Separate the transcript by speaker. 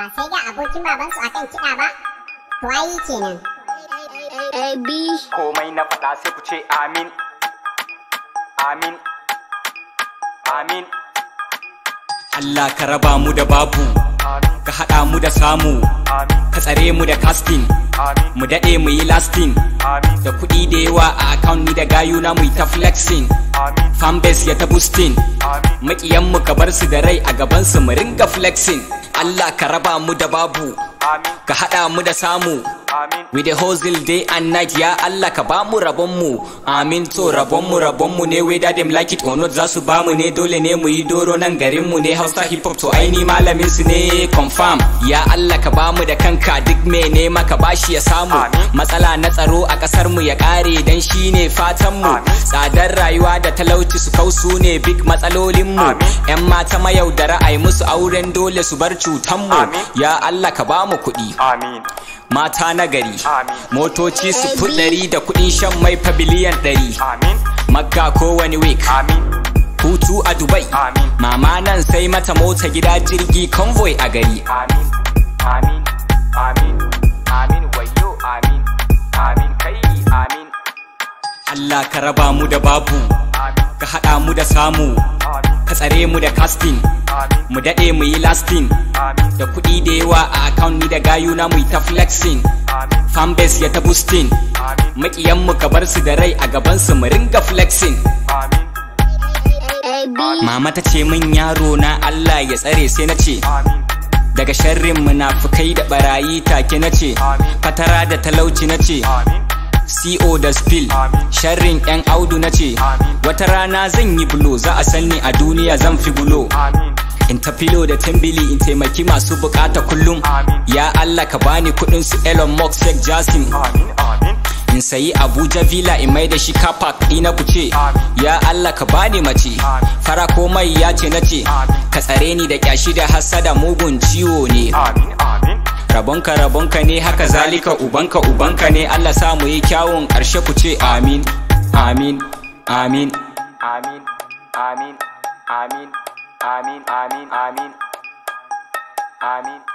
Speaker 1: abokin su akan kiɗa ba kenan komai na faɗa sai ku ce amin amin amin Allah ka raba mu da babu ka haɗa mu da samu ka tsare mu da casting mu daɗe mu yi lasting da kuɗi da yawa a account ni da gayu na mu ta flexing fanbase ya ta boosting maƙiyan mu ka bar su da rai a gaban su mu ringa flexing Allah ka raba mu da babu ka haɗa mu da samu We the hustle day and night ya Allah ka bamu rabon mu amin to rabon mu rabon mu ne whether them like it or not za bamu ne dole ne mu yi doro nan garin mu ne Hausa hip hop to aini malamin su ne confirm ya Allah ka bamu da kanka duk mai ne maka bashi ya samu matsala na tsaro a kasar mu ya kare dan shine fatan mu tsadar rayuwa da talauci su kausu ne big matsalolin mu yan mata mayaudara ai musu auren dole su bar cutan mu ya Allah ka bamu kuɗi mata nagari. motoci su fuɗari da kuɗin shan mai fabiliyan ɗari ko wani week hutu a dubai mama nan sai mata mota gida jirgi convoy a gari allah ka raba mu da babu ka haɗa mu da samu ka tsare mu da casting mu daɗe mu yi lasting da kuɗi da yawa a account ni da gayuna mu ta flexing base ya ta boosting maƙiyan mu ka bar su da rai a gaban su mu ringa flexing mama ta ce min yaro na Allah ya tsare sai na ce daga sharrin munafukai da barayi take na ce fatara da talauci na ce CO da spill sharrin yan audu na ce wata rana zan yi bulo za a sanni a duniya zan fi bulo in ta filo da tambili in taimaki masu bukata kullum ya Allah ka bani kudin su Elon Musk Sheikh jasin in sayi Abuja Villa in mai da shi park ina ku ce ya Allah ka bani mace fara komai ya ce na ce ka tsare ni da kyashi da hasada mugun ciwo ne rabonka rabonka ne haka zalika ubanka ubanka ne Allah sa mu yi kyawun ƙarshe ku ce amin amin amin amin amin amin amin amin amin amin